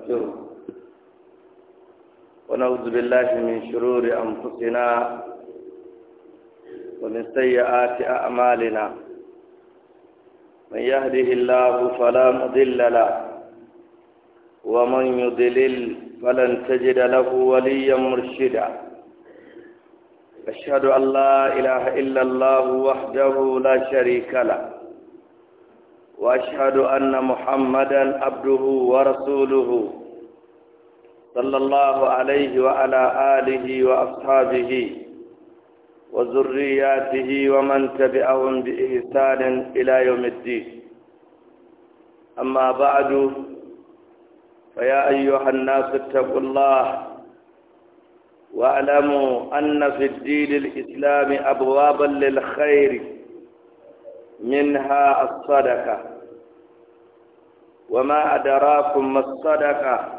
نستغفره ونعوذ بالله من شرور أنفسنا ومن سيئات أعمالنا من يهده الله فلا مضل له ومن يضلل فلن تجد له وليا مرشدا أشهد أن لا إله إلا الله وحده لا شريك له وأشهد أن محمدا عبده ورسوله صلى الله عليه وعلى آله وأصحابه وذرياته ومن تبعهم بإحسان إلى يوم الدين أما بعد فيا أيها الناس اتقوا الله واعلموا أن في الدين الإسلام أبوابا للخير منها الصدقة وما أدراكم ما الصدقة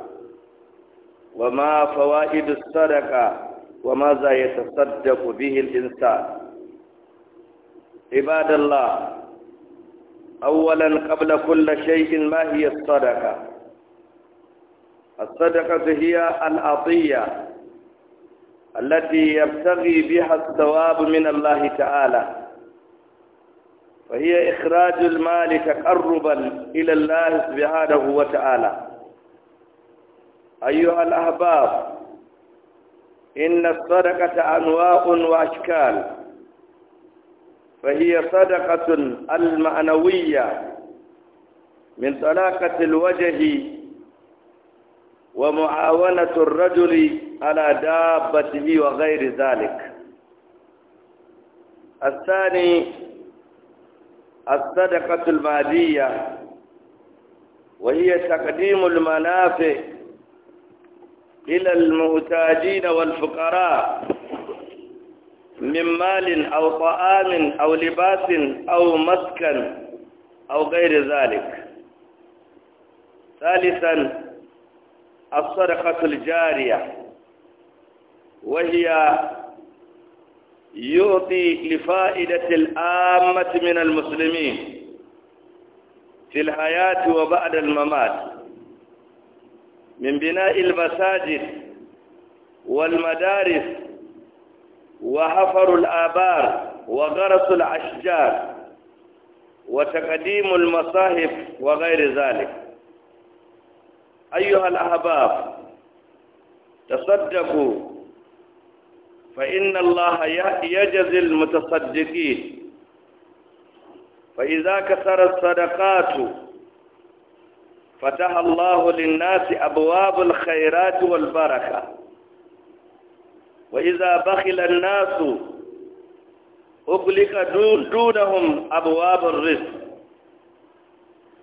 وما فوائد الصدقة وماذا يتصدق به الإنسان عباد الله أولا قبل كل شيء ما هي الصدقة الصدقة هي العطية التي يبتغي بها الثواب من الله تعالى وهي إخراج المال تقربا إلى الله سبحانه وتعالى أيها الأحباب إن الصدقة أنواع وأشكال فهي صدقة المعنوية من طلاقة الوجه ومعاونة الرجل على دابته وغير ذلك الثاني الصدقة المالية وهي تقديم المنافع إلى المحتاجين والفقراء من مال أو طعام أو لباس أو مسكن أو غير ذلك ثالثا الصدقة الجارية وهي يعطي لفائدة الآمة من المسلمين في الحياة وبعد الممات من بناء المساجد والمدارس وحفر الآبار وغرس الأشجار وتقديم المصاحف وغير ذلك أيها الأحباب تصدقوا فإن الله يجزي المتصدقين فإذا كثر الصدقات فتح الله للناس أبواب الخيرات والبركة وإذا بخل الناس أغلق دونهم أبواب الرزق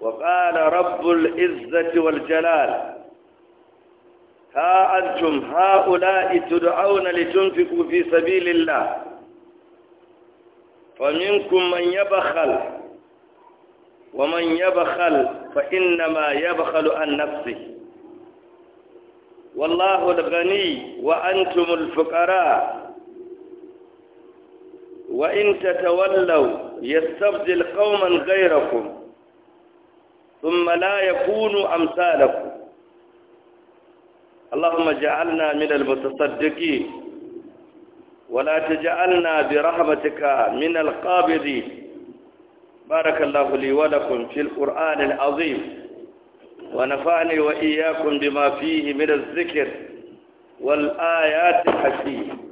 وقال رب العزة والجلال ها أنتم هؤلاء تدعون لتنفقوا في سبيل الله فمنكم من يبخل ومن يبخل فإنما يبخل عن نفسه والله الغني وأنتم الفقراء وإن تتولوا يستبدل قوما غيركم ثم لا يكونوا أمثالكم اللهم اجعلنا من المتصدقين ولا تجعلنا برحمتك من القابضين بارك الله لي ولكم في القرآن العظيم ونفعني وإياكم بما فيه من الذكر والآيات الحكيمة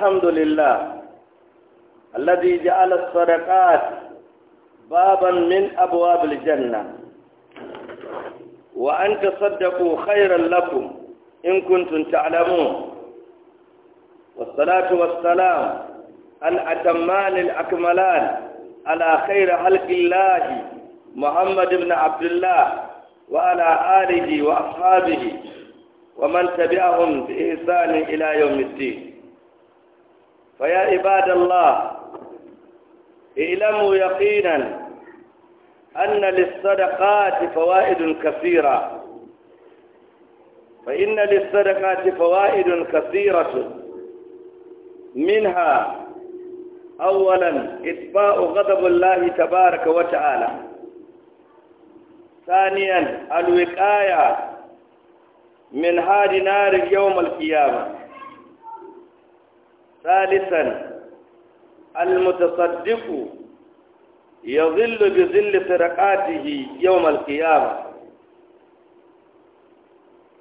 الحمد لله الذي جعل الصدقات بابا من أبواب الجنة وأن تصدقوا خيرا لكم إن كنتم تعلمون والصلاة والسلام الأتمان الأكملان على خير خلق الله محمد بن عبد الله وعلى آله وأصحابه ومن تبعهم بإحسان إلى يوم الدين فيا عباد الله اعلموا يقينا أن للصدقات فوائد كثيرة فإن للصدقات فوائد كثيرة منها أولا إتباع غضب الله تبارك وتعالى ثانيا الوقاية من هاد نار يوم القيامة ثالثا المتصدق يظل بظل فرقاته يوم القيامة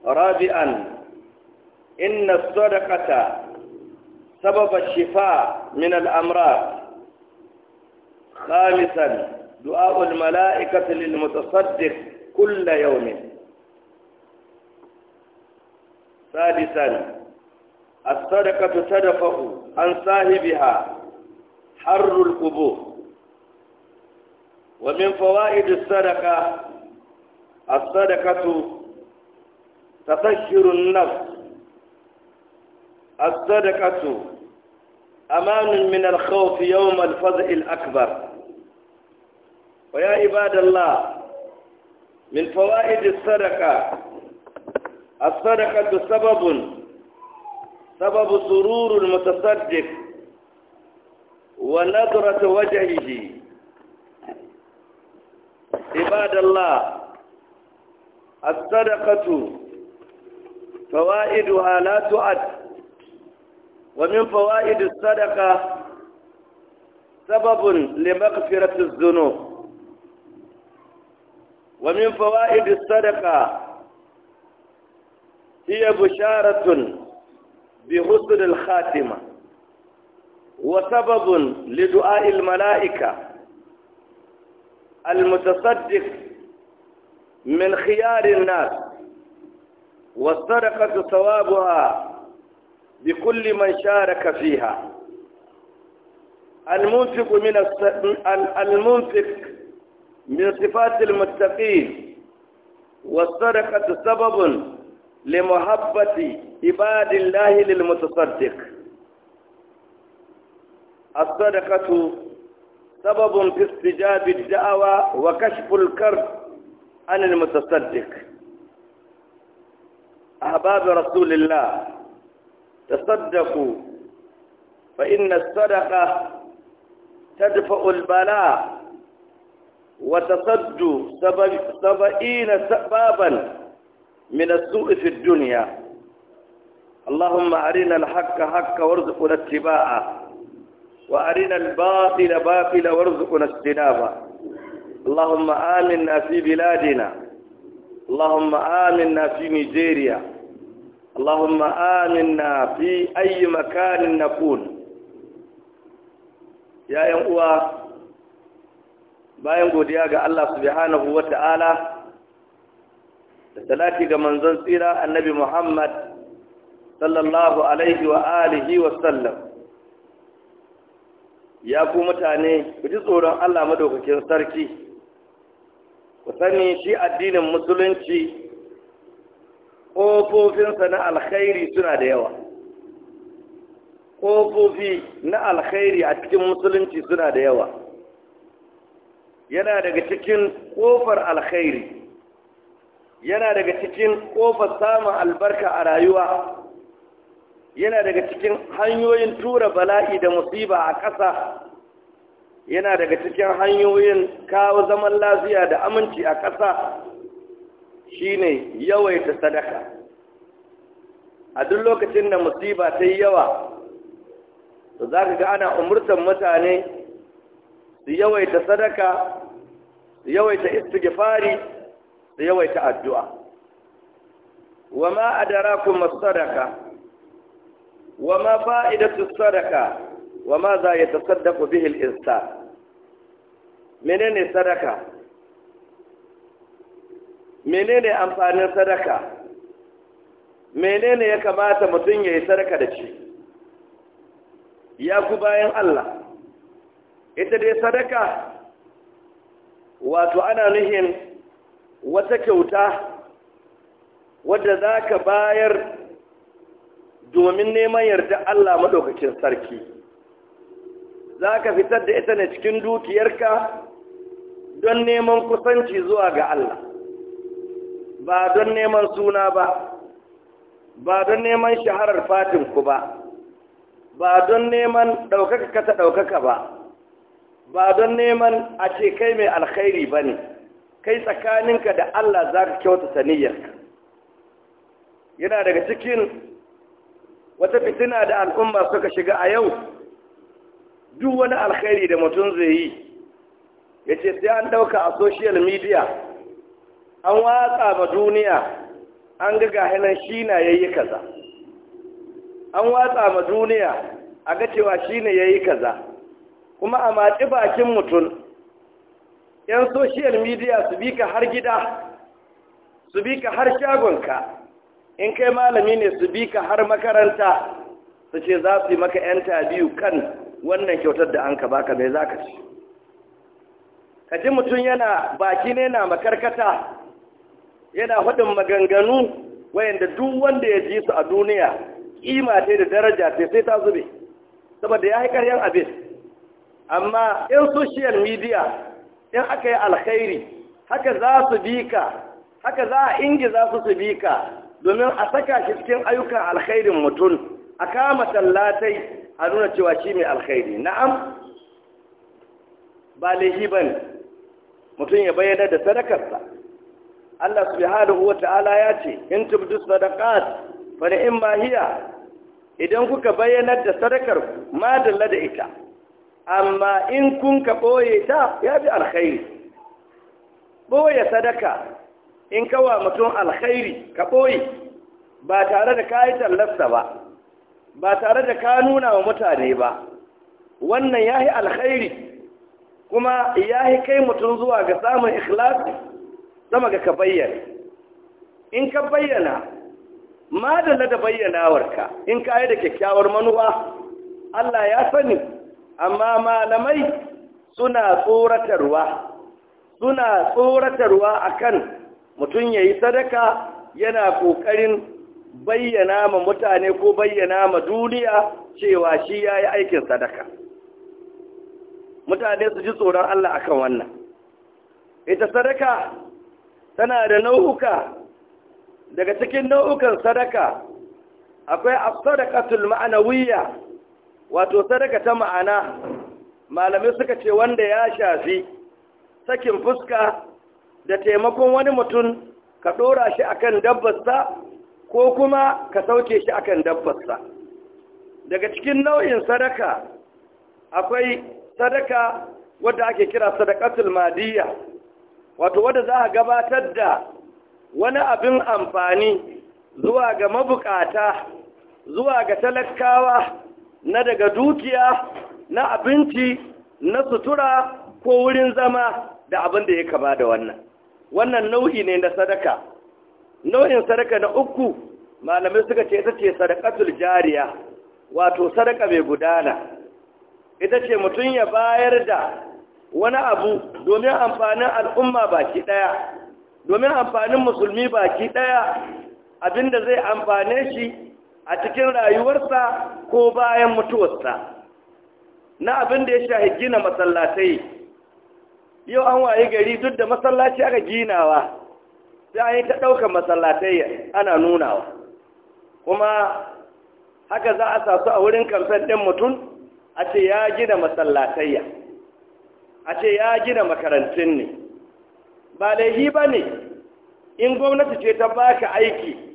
رابعا إن الصدقة سبب الشفاء من الأمراض خامسا دعاء الملائكة للمتصدق كل يوم سادسا الصدقة تدفع عن صاحبها حر القبور ومن فوائد الصدقة الصدقة تفشر النفس الصدقة أمان من الخوف يوم الفزع الأكبر ويا عباد الله من فوائد الصدقة الصدقة سبب سبب سرور المتصدق ونظرة وجهه عباد الله الصدقة فوائدها لا تعد ومن فوائد الصدقة سبب لمغفرة الذنوب ومن فوائد الصدقة هي بشارة بحسن الخاتمة وسبب لدعاء الملائكة المتصدق من خيار الناس والصدقة ثوابها بكل من شارك فيها المنفق من المنفق من صفات المتقين والصدقة سبب لمحبة عباد الله للمتصدق الصدقة سبب في استجاب الدعوة وكشف الكرب عن المتصدق أحباب رسول الله تصدقوا فإن الصدقة تدفع البلاء وتصد سبعين سبابا من السوء في الدنيا اللهم أرنا الحق حق وارزقنا اتباعه وأرنا الباطل باطلا وارزقنا اجتنابه اللهم آمنا في بلادنا اللهم آمنا في نيجيريا اللهم آمنا في أي مكان نكون يا أيها باين قد ga Allah subhanahu wa da salati ga manzon tsira annabi Muhammad sallallahu alaihi wa alihi wa sallam ya ku mutane ku ji tsoron Allah madaukakin sarki ku sani shi addinin musulunci ƙofofinsa na alkhairi suna da yawa ƙofofi na alkhairi a cikin musulunci suna da yawa yana daga cikin ƙofar alkhairi yana daga cikin ƙofar samun albarka a rayuwa yana daga cikin hanyoyin tura bala'i da musiba a ƙasa yana daga cikin hanyoyin kawo zaman lafiya da aminci a ƙasa shine yawaita sadaka a duk lokacin da musiba ta yi yawa to za ka ga ana umurtan mutane su yawaita sadaka su yawaita fari? da yawaita addu'a wa ma adarakum kuma sadaka? wa ma fa'idatu su sadaka? wa ma za yatasaddaqu bihi al-insan menene sadaka menene amfanin sadaka menene ya kamata mutum ya yi sadaka da shi ya ku bayan Allah ita dai sadaka wato ana nuhin wata kyauta wadda za ka bayar domin neman yarda Allah maɗaukacin sarki za ka fitar da ita ne cikin dukiyarka don neman kusanci zuwa ga Allah ba don neman suna ba ba don neman shaharar fatinku ba ba don neman ɗaukaka ka ta ɗaukaka ba ba don neman a ce kai mai alkhairi ba ne kai tsakaninka da Allah za ka kyauta saniyarka yana daga cikin wata fitina da al'umma suka shiga a yau duk wani alkhairi da mutum zai yi ya ce sai an ɗauka a social media an watsa ma duniya an ga gahinan shi na ya yi kaza an watsa ma duniya a ga cewa shi ne ya yi kaza kuma a matsi bakin mutum 'yan social media su bi ka har gida su bi ka har shagonka in kai malami ne su bi ka har makaranta su ce za su yi maka 'yan biyu kan wannan kyautar da an ka baka mai za ka ci ka ji mutum yana baki ne na makarkata yana hudun maganganu wayanda duk wanda ya ji su a duniya kima ce da daraja ce sai ta zube saboda ya haikar yan abin amma in social media in aka yi alkhairi haka za su bi ka haka za a za su su bi ka domin a saka shi cikin ayyukan alkhairin mutum a kama tallatai a nuna cewa shi mai alkhairi na'am ba laifi ba ne mutum ya bayyana da sadakarsa Allah su subhanahu wa ta'ala ya ce in tubdu sadakat fa ni'ma hiya idan kuka bayyana da sadakar ma dalla da ita amma in kun ka ɓoye ta ya fi alkhairi ɓoye sadaka in kawa mutum alkhairi ka ɓoye ba tare da kayi tallasta ba ba tare da ka nuna wa mutane ba wannan ya yi alkhairi kuma ya yi kai mutum zuwa ga samun ikhlasi sama ga ka bayyana in ka bayyana madalla da bayyanawarka in ka yi da kyakkyawar manuwa Allah ya sani amma malamai suna tsoratarwa suna tsoratarwa akan mutum ya yi sadaka yana ƙoƙarin bayyana ma mutane ko bayyana ma duniya cewa shi ya yi aikin sadaka mutane su ji tsoron Allah akan wannan ita sadaka tana da nau'uka daga cikin nau'ukan sadaka akwai a sadaka tulma'anawiyya wato sadaka ta ma'ana malamai suka ce wanda ya shafi sakin fuska da taimakon wani mutum ka ɗora shi a kan dabbarsa ko kuma ka sauke shi akan dabbarsa daga cikin nau'in sadaka akwai sadaka wadda ake kira sadakatul madiyya wato wadda za a gabatar da wani abin amfani zuwa ga mabukata zuwa ga talakawa na daga dukiya na abinci na sutura ko wurin zama da abin da ya kama da wannan wannan nau'i ne na sadaka nau'in sadaka na uku malamai suka ce ita ce sadakatul jariya wato sadaka mai gudana ita ce mutum ya bayar da wani abu domin amfanin al'umma baki ɗaya domin amfanin musulmi baki ɗaya abinda zai amfane shi a cikin rayuwarsa ko bayan mutuwarsa na abin da ya shahi gina masallatai yau an waye gari duk da masallaci aka ginawa sai yi ta ɗaukar masallatai ana nunawa kuma haka za a sasu a wurin kamfen ɗin mutum a ce ya gina masallatai. a ce ya gina makarantun ne ba laihi ba ne in gwamnati ce ta baka aiki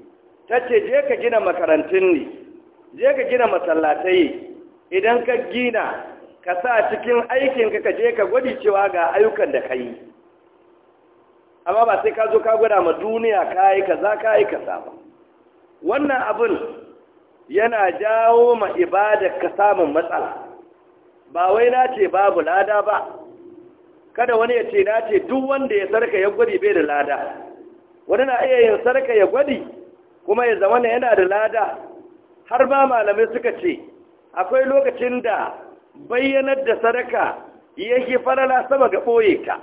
ta ce je ka gina makarantun ne je ka gina masallatai idan ka gina ka sa cikin aikin ka je ka gwadi cewa ga ayyukan da ka yi amma ba sai ka zo ka gwada ma duniya ka yi ka za ka yi ka ba wannan abin yana jawo ma ibada ka samun matsala ba wai na ce babu lada ba kada wani ya ce na ce duk wanda ya sarka ya gwadi bai da lada wani na iya yin sarka ya gwadi kuma ya zama yana da lada har ma malamai suka ce akwai lokacin da bayyanar da sadaka yake farala sama ga ɓoye ta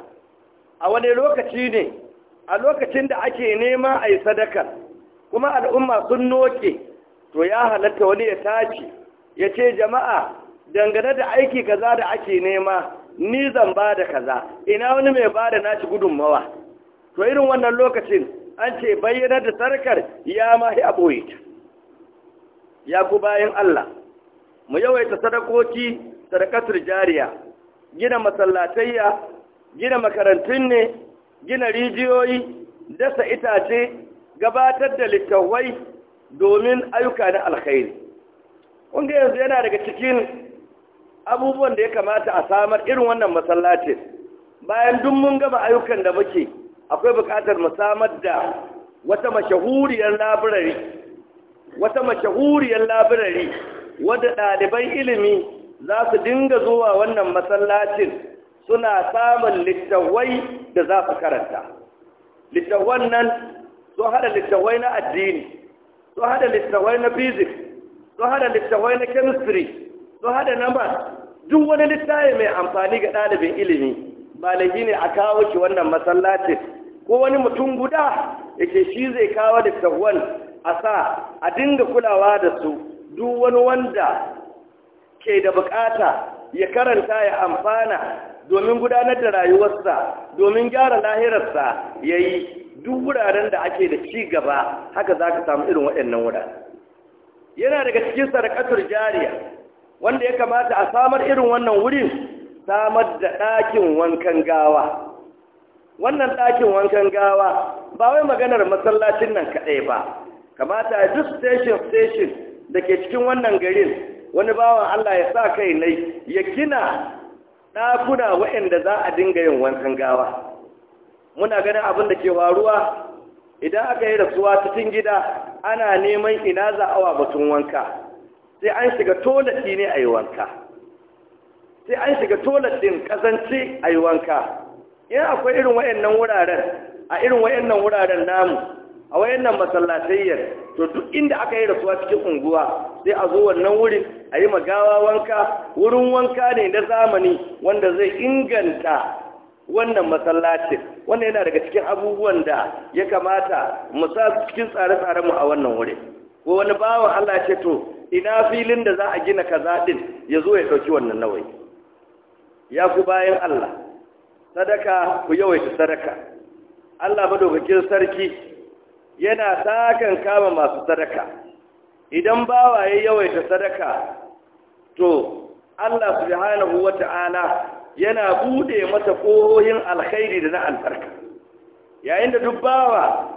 a wani lokaci ne a lokacin da ake nema a yi sadakar kuma al'umma sun noke to ya halatta wani ya tace ya ce jama'a dangane da aiki kaza da ake nema ni zan ba da kaza ina wani mai ba da naci gudunmawa to irin wannan lokacin an ce bayyanar da sarkar ya ma yi ta ya ku bayan Allah mu yawaita sadakoki sadakatar jariya gina masallatayya gina makarantun ne gina rijiyoyi dasa itace gabatar da littawai domin ayyuka na alkhairi kunga yanzu yana daga cikin abubuwan da ya kamata a samar irin wannan masallacin bayan duk mun gama ayyukan da muke akwai buƙatar mu samar da wata mashahuriyar labirari wata mashahuriyar labirari wadda ɗaliban ilimi za su dinga zuwa wannan masallacin suna samun littawai da za su karanta littawan nan sun haɗa littawai na addini sun haɗa littawai na physics sun haɗa littawai na chemistry sun haɗa na math duk wani littawai mai amfani ga ɗalibin ilimi ba ne a kawo ki wannan masallacin ko wani mutum guda yake shi zai kawo da a sa a dinga kulawa da su duk wani wanda ke da bukata ya karanta ya amfana domin gudanar da rayuwarsa domin gyara lahirarsa ya yi duk wuraren da ake da ci gaba haka za ka samu irin waɗannan wurare yana daga cikin sarƙatar jariya wanda ya kamata a samar irin wannan wurin samar da ɗakin wankan gawa wannan ɗakin wankan gawa ba wai maganar masallacin nan kaɗai ba kamata duk station station da ke cikin wannan garin wani bawan Allah ya sa kai nai ya gina ɗakuna waɗanda za a dinga yin wankan gawa muna ganin abin da ke waruwa. idan aka yi rasuwa cikin gida ana neman ina za awa batun wanka sai an shiga tolat ne a yi wanka sai an shiga tolat a yi wanka in akwai irin wayannan wuraren a irin wayannan wuraren namu a wayannan masallatayyar to duk inda aka yi rasuwa cikin unguwa sai a zo wannan wurin a yi magawa wanka wurin wanka ne na zamani wanda zai inganta wannan masallaci wannan yana daga cikin abubuwan da ya kamata mu sa cikin tsare-tsaren mu a wannan wurin ko wani bawan Allah ce to ina filin da za a gina kaza din ya zo ya dauki wannan nawayi ya ku bayan Allah sadaka ku yawaita sadaka Allah madaukakin sarki yana sakan kama masu sadaka idan bawa ya yawaita sadaka to Allah subhanahu wata'ala yana bude masa ƙohohin alkhairi da na albarka yayin da duk bawa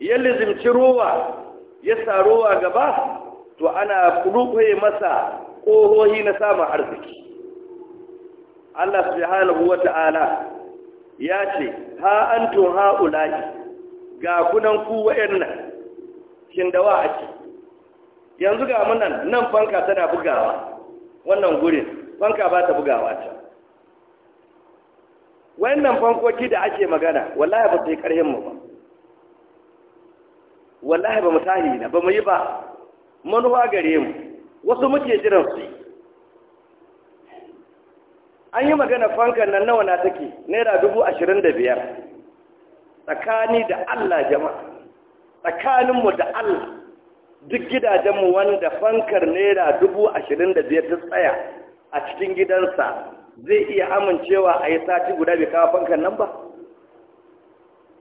ya lizimci ruwa ya sa gaba to ana kuɗuɓe masa kohohi na samun arziki Allah subhanahu wata'ala ya ce ha antum haula'i ga kunan ku wa'annan kin da wa ake yanzu ga mun nan nan fanka tana bugawa wannan gurin fanka ba ta bugawa ta wannan fankoki da ake magana wallahi ba sai karhin mu ba wallahi ba mu tahi na ba mu yi ba manuwa gare mu wasu muke jiran su an yi magana fankan nan nawa na take naira dubu ashirin da biyar tsakani da allah jama'a tsakaninmu da allah duk gidajenmu wanda fankar naira dubu ashirin da biyar ta tsaya a cikin gidansa zai iya amincewa a yi sati guda bai kawo fankar nan ba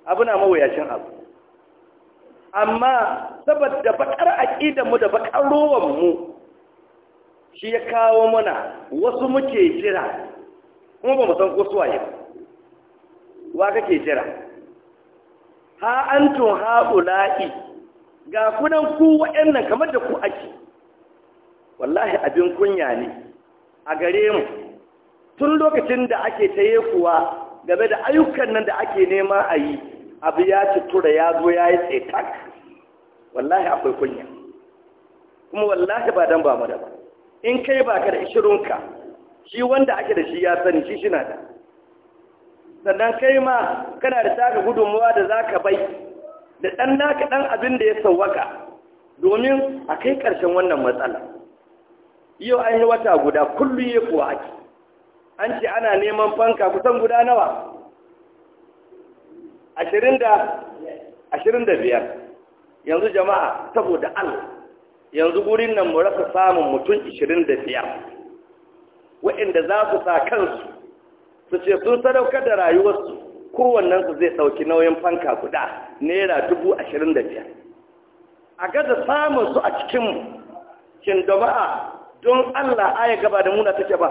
abu na mawuyashin abu amma saboda bakar aƙidanmu da bakar rowanmu shi ya kawo mana wasu muke jira kuma ba musan san ko suwaye ba wa kake jira ha antum haula'i ga kunan ku waɗannan kamar da ku ake wallahi abin kunya ne a gare mu tun lokacin da ake taye kuwa game da ayyukan nan da ake nema a yi abu ya ci tura ya zo ya yi tsetak wallahi akwai kunya kuma wallahi ba dan ba mu da ba in kai ba ka da ishirinka shi wanda ake da shi ya sani shi shina da sannan kai ma kana da taka gudunmuwa da za ka bai da ɗan naka ɗan abin da ya sauwaka domin a kai ƙarshen wannan matsala yau an yi wata guda kullum ya kuwa ake an ce ana neman fanka kusan guda nawa ashirin da biyar yanzu jama'a saboda allah yanzu gurin nan mu rasa samun mutum ashirin da biyar waɗanda za su sa kansu su ce sun sadaukar da rayuwarsu kowannensu zai ɗauki nauyin fanka guda naira dubu ashirin da biyar a gaza samun su a cikinmu kin jama'a don allah aya gaba da muna take ba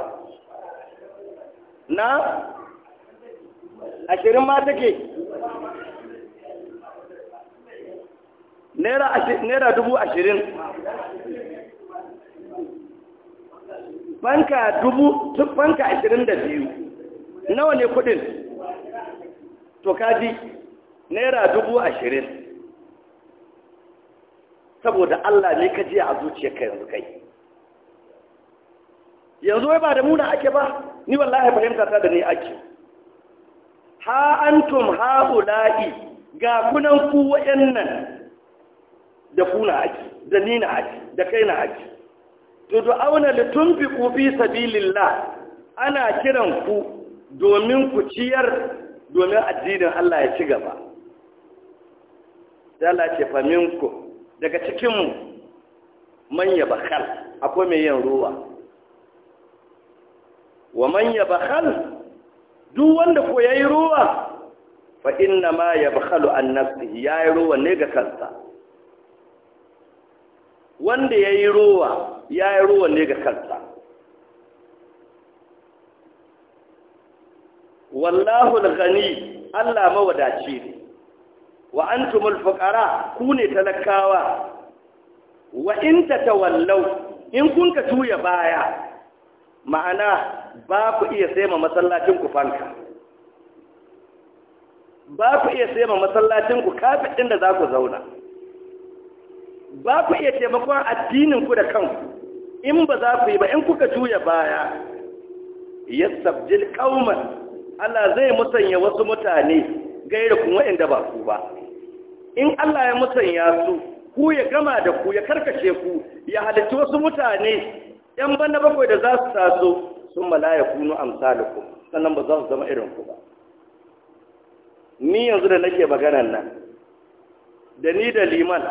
na ashirin ma take naira dubu ashirin fanka dubu duk fanka ashirin da biyu nawa ne kudin to kaji naira dubu ashirin saboda allah ne ka jiya a ka yanzu kai yanzu wai ba da muna ake ba ni wallahi fahimta ta da ni ake ha antum ula'i ga kunan ku wayannan da kuna ake da ni na ake da kai na ake tud'auna litunfiqu fi sabilillah ana kiran ku domin ku ciyar domin addinin Allah ya ci gaba Allah ce faminku daga cikin manya bakal, akwai mai yin ruwa wa manya bakal duk wanda ko yayi ruwa fa inna ma yabkhalu an nafsihi yayi ruwa ne ga kansa wanda yayi ruwa ya yi ruwan ne ga kansa wallahu gani Allah mawadaci ne wa tumul fukara, ku ne talakawa wa in ta wallau in kun ka tuya baya ma'ana ba ku iya saima masallacin ku fanka ba ku iya saima masallacin ku kafin da za ku zauna ba ku iya taimakon addinin ku da kanku in ba za ku yi ba in kuka juya baya ya sabjil kauman Allah zai musanya wasu mutane gairu kun waɗanda ba ku ba in Allah ya musanya su ku ya gama da ku ya karkace ku ya halitta wasu mutane ‘yan banda bakwai da za su taso sun malaya kunu amsaliku sannan ba za su zama irin ku ba ni yanzu da nake maganan nan da ni da liman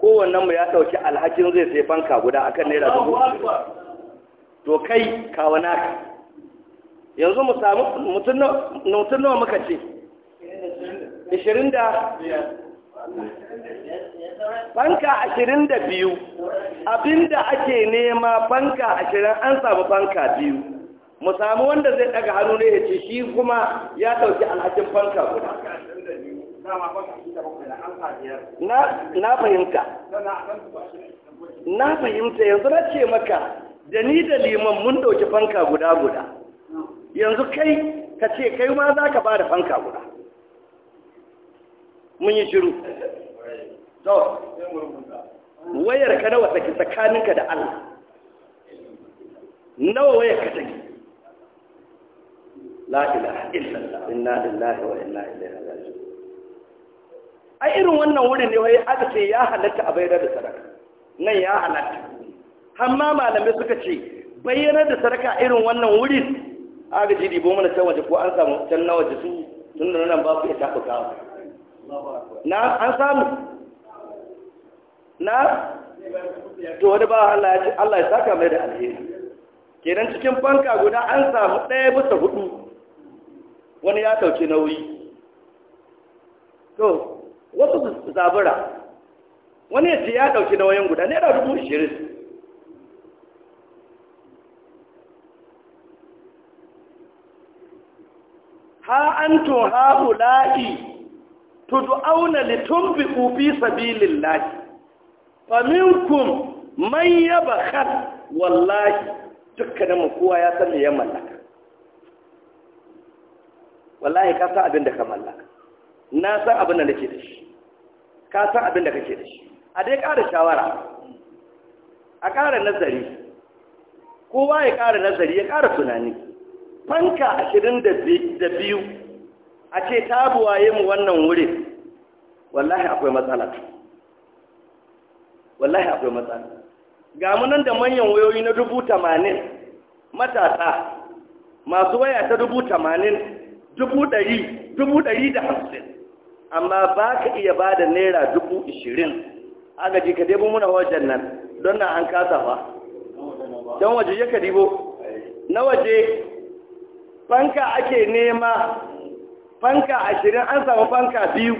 kowannen mu ya dauki alhakin zai sai fanka guda akan naira dubu to kai kawo naka yanzu mu samu mutum nawa muka ce 20 da fanka ashirin da biyu abinda ake nema fanka ashirin an samu fanka biyu mu samu wanda zai daga hannu ne ya ce shi kuma ya dauki alhakin fanka guda na fahimta na fahimta yanzu na ce maka da ni da liman mun ɗauki fanka guda guda yanzu kai ka ce kai ma za ka ba da fanka guda mun yi shiru wayar ka nawa tsaki tsakaninka da Allah nawa wayar ka tsaki la'ila illallah inna lillahi wa inna ilaihi raji'un a irin wannan wurin ne wai aka ce ya halatta a bayar da sadaka nan ya halatta amma malamai suka ce bayyana da sadaka irin wannan wurin aka ji dibo mana can waje ko an samu can na waje su tun da nan ba ku ya tafi kawo na an samu na to wani ba Allah ya ce Allah ya saka mai da alheri kenan cikin banka guda an samu ɗaya bisa hudu wani ya ɗauki nauyi to wasu su zabura wani ya ce ya ɗauki wayan guda naira dubu shirin? ha an tun ha'ula'i tudu'auna litunfiku fi sabilillahi fa minkum man yabakhat wallahi dukkanin mu kowa ya san me ya mallaka wallahi ka san abin da ka mallaka na san abin da nake da shi ka san abin da kake da shi a dai ƙara shawara a ƙara nazari kowa ya ƙara nazari ya ƙara tunani fanka ashirin da biyu a ce ta buwaye mu wannan wurin wallahi akwai matsala wallahi akwai matsala ga munan da manyan wayoyi na dubu tamanin matasa masu waya ta dubu tamanin dubu ɗari dubu ɗari da hamsin amma ba ka iya ba da naira dubu ishirin agaji ka debo muna wajen nan don na an kasa ba don waje ya ka dibo na waje fanka ake nema fanka ashirin an samu fanka biyu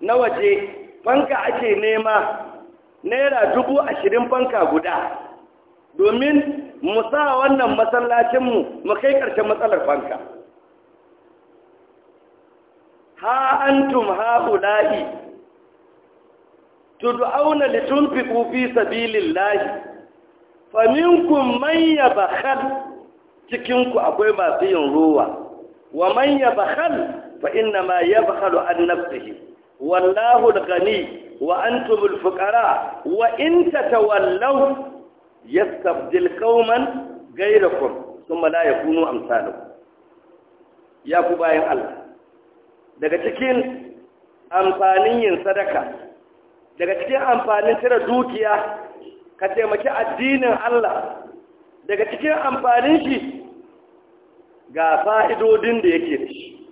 na waje fanka ake nema naira dubu ashirin fanka guda domin mu sa wannan masallacinmu mu kai ƙarshen matsalar fanka ha antum haula'i tud'auna litunfiqu fi sabilillahi faminkum man yabakhal cikin ku akwai masu yin ruwa wa man yabakhal fa inna ma yabkhalu an nafsihi wallahu al wa antum al-fuqara wa in tatawallaw yastabdil qauman ghayrakum thumma la yakunu amsalukum ya ku bayan Allah daga cikin amfanin yin sadaka daga cikin amfanin cire dukiya ka taimaki addinin Allah daga cikin amfanin shi ga fa'idodin da yake da shi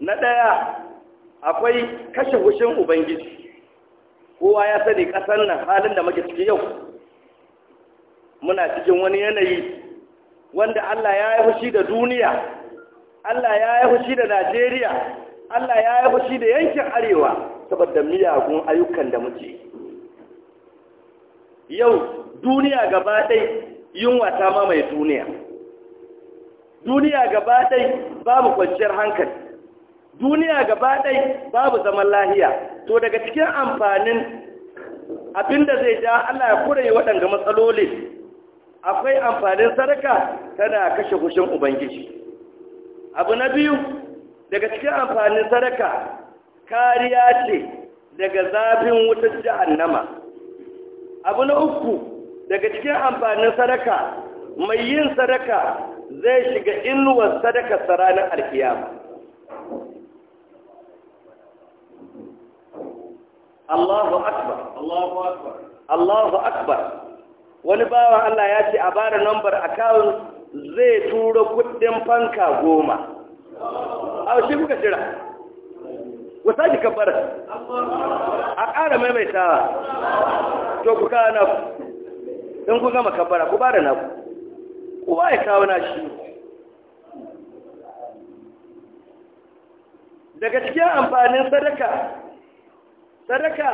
na ɗaya akwai kashe hushin ubangiji kowa ya sani ƙasar nan halin da muke ciki yau muna cikin wani yanayi wanda Allah ya yi hushi da duniya Allah ya yi fushi da Najeriya Allah ya yi fushi da yankin arewa saboda miyagun ayyukan da muke yau duniya gaba ɗai yunwa ta mamaye duniya duniya gaba ɗai babu kwanciyar hankali duniya gaba ɗai babu zaman lahiya to daga cikin amfanin abin da zai ja Allah ya kure waɗanda matsalolin akwai amfanin sarka tana kashe hushin ubangiji abu na biyu daga cikin amfanin sadaka kariya ce daga zafin wutar jahannama abu na uku daga cikin amfanin sadaka mai yin sadaka zai shiga inuwar sadaka saranin alkiyama Allahu akbar Allahu akbar Allahu akbar wani bawan Allah ya ce a bara nambar account zai tura kudin fanka goma a shi kuka shira ku sake kabbara a ƙara maimaitawa to ku kawo naku Don ku gama kabbara ku bada naku ku ba ya kawo na shi daga cikin amfanin sadaka sadaka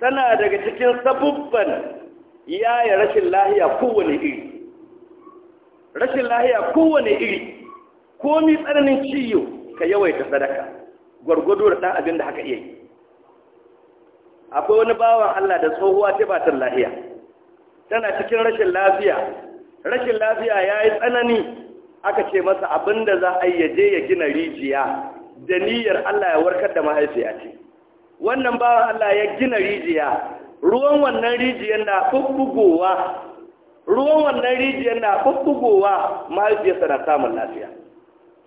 tana daga cikin sabubban yayin rashin lahiya kowane iri rashin lahiya kowane iri komi tsananin ciyo ka yawaita sadaka gwargwado da ɗan abin da haka iya yi akwai wani bawan Allah da tsohuwa ta batar lahiya tana cikin rashin lafiya rashin lafiya ya yi tsanani aka ce masa abin da za a yaje ya gina rijiya da niyyar Allah ya warkar da mahaifiya ce wannan bawan Allah ya gina rijiya ruwan wannan rijiyar na bubbugowa ruwan wannan rijiyar na bubbugowa mahaifiyarsa na samun lafiya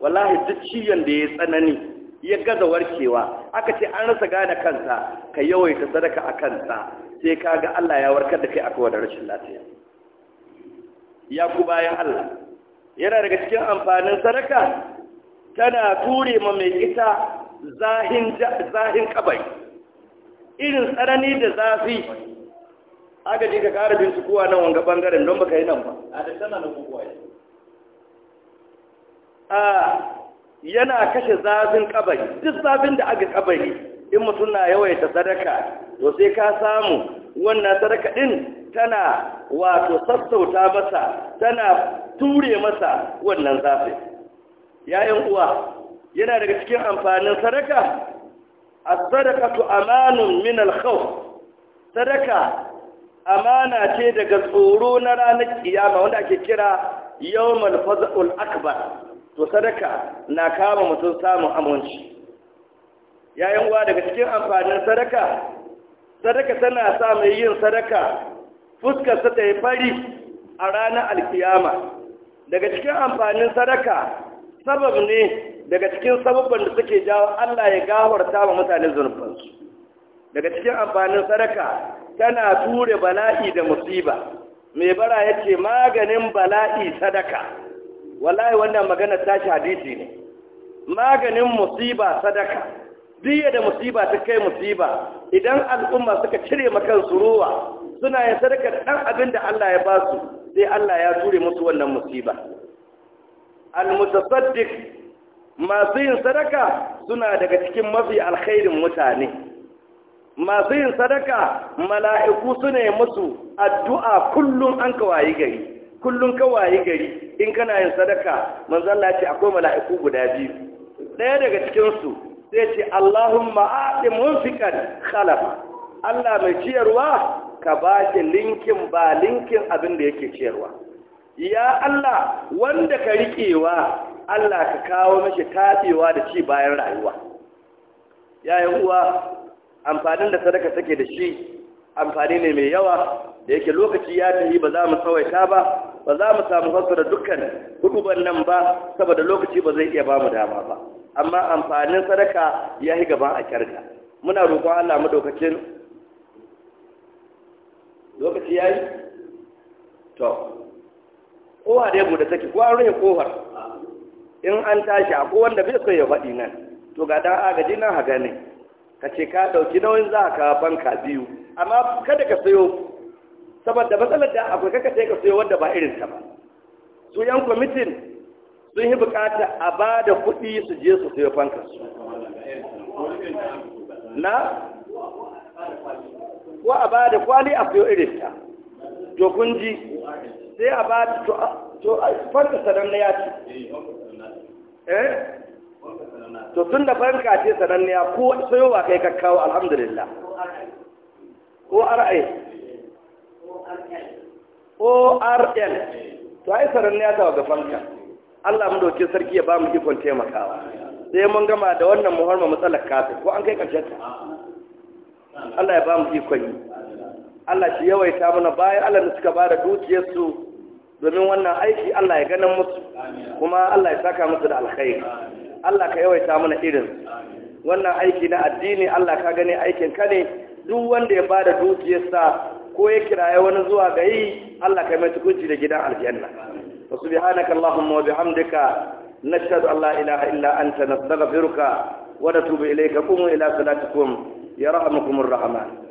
wallahi duk ciwon da ya tsanani ya gaza warkewa aka ce an rasa gane kansa ka yawaita sadaka a kansa sai ka ga Allah ya warkar da kai a kowane rashin lafiya ya ku bayan Allah yana daga cikin amfanin sadaka tana ture ma mai ita zahin kabari irin tsanani da zafi aka ji ka ƙara bincikuwa nan wanga ɓangaren don baka yi nan ba a tana na a yana kashe zafin kabari duk zafin da aka kabari in mutum na yawaita sadaka to sai ka samu wannan sadaka din tana wato sassauta masa tana ture masa wannan zafin yayin uwa yana daga cikin amfanin sadaka a sadaka amanun min al-khawf sadaka amana ce daga tsoro na ranar kiyama wanda ake kira yawmal fazul akbar to sadaka na kama mutum samun amunci yayin uwa daga cikin amfanin sadaka sadaka tana sa mai yin sadaka fuskarsa ta yi fari a ranar alkiyama daga cikin amfanin sadaka sabab ne daga cikin sababban da suke jawo Allah ya gawarta wa mutane zunubansu daga cikin amfanin sadaka tana ture bala'i da musiba mai bara ya ce maganin bala'i sadaka wallahi wannan magana tashi hadisi ne maganin musiba sadaka diya da musiba ta kai musiba idan al'umma suka cire makan suruwa suna yin sadaka da abin da Allah ya ba su sai Allah ya ture musu wannan musiba al-mutasaddiq masu yin sadaka suna daga cikin mafi alkhairin mutane masu yin sadaka mala'iku su ne musu addu'a kullum an kawai gari kullum kawai gari in kana yin sadaka manzalla ce akwai mala'iku guda biyu ɗaya daga cikinsu sai ce Allahumma fi munfikan khalafa Allah mai ciyarwa ka ba ki linkin ba linkin abin da yake ciyarwa ya Allah wanda ka riƙewa Allah ka kawo mashi taɓewa da ci bayan rayuwa Ya yi uwa amfanin da sadaka take da shi amfani ne mai yawa da yake lokaci ya tafi ba za mu tsawaita ba ba za mu samu fassara dukkan hukuban nan ba saboda lokaci ba zai iya ba mu dama ba amma amfanin sadaka ya yi gaba a kyarka muna roƙon Allah madaukakin lokaci ya yi to kowa da ya gode take kowa rufe kofar in an tashi a wanda bai so ya faɗi nan to ga dan agaji nan haga ne ka ce ka dauki nauyin za ka banka biyu amma kada ka sayo saboda matsalar da akwai kaka sai ka sayo wanda ba irin ta ba su yan kwamitin sun yi bukata a ba da kuɗi su je su sayo fankar su na ko a ba da kwali a sayo irin ta to kun ji sai a ba to fankar sanar na ya eh to tun da farka ce sananniya ko sai wa kai kakkawo alhamdulillah ko rl orl to ai sananniya ta ga farka Allah mu doke sarki ya ba mu ikon taimakawa sai mun gama da wannan muharma matsalar kafin ko an kai karshen ta Allah ya ba mu ikon yi Allah shi yawaita mana bayan Allah da suka bada dukiyarsu domin wannan aiki Allah ya ganin musu kuma Allah ya saka musu da alkhairi Allah ka yawaita mana irin wannan aiki na addini Allah ka gane aikin ka ne duk wanda ya bada dukiyarsa ko ya kiraye wani zuwa ga yi Allah ka mai tukunci da gidan aljanna wa subhanaka allahumma wa bihamdika nashhadu an la ilaha illa anta nastaghfiruka wa natubu ilayka qumu ila salatikum yarhamukumur rahman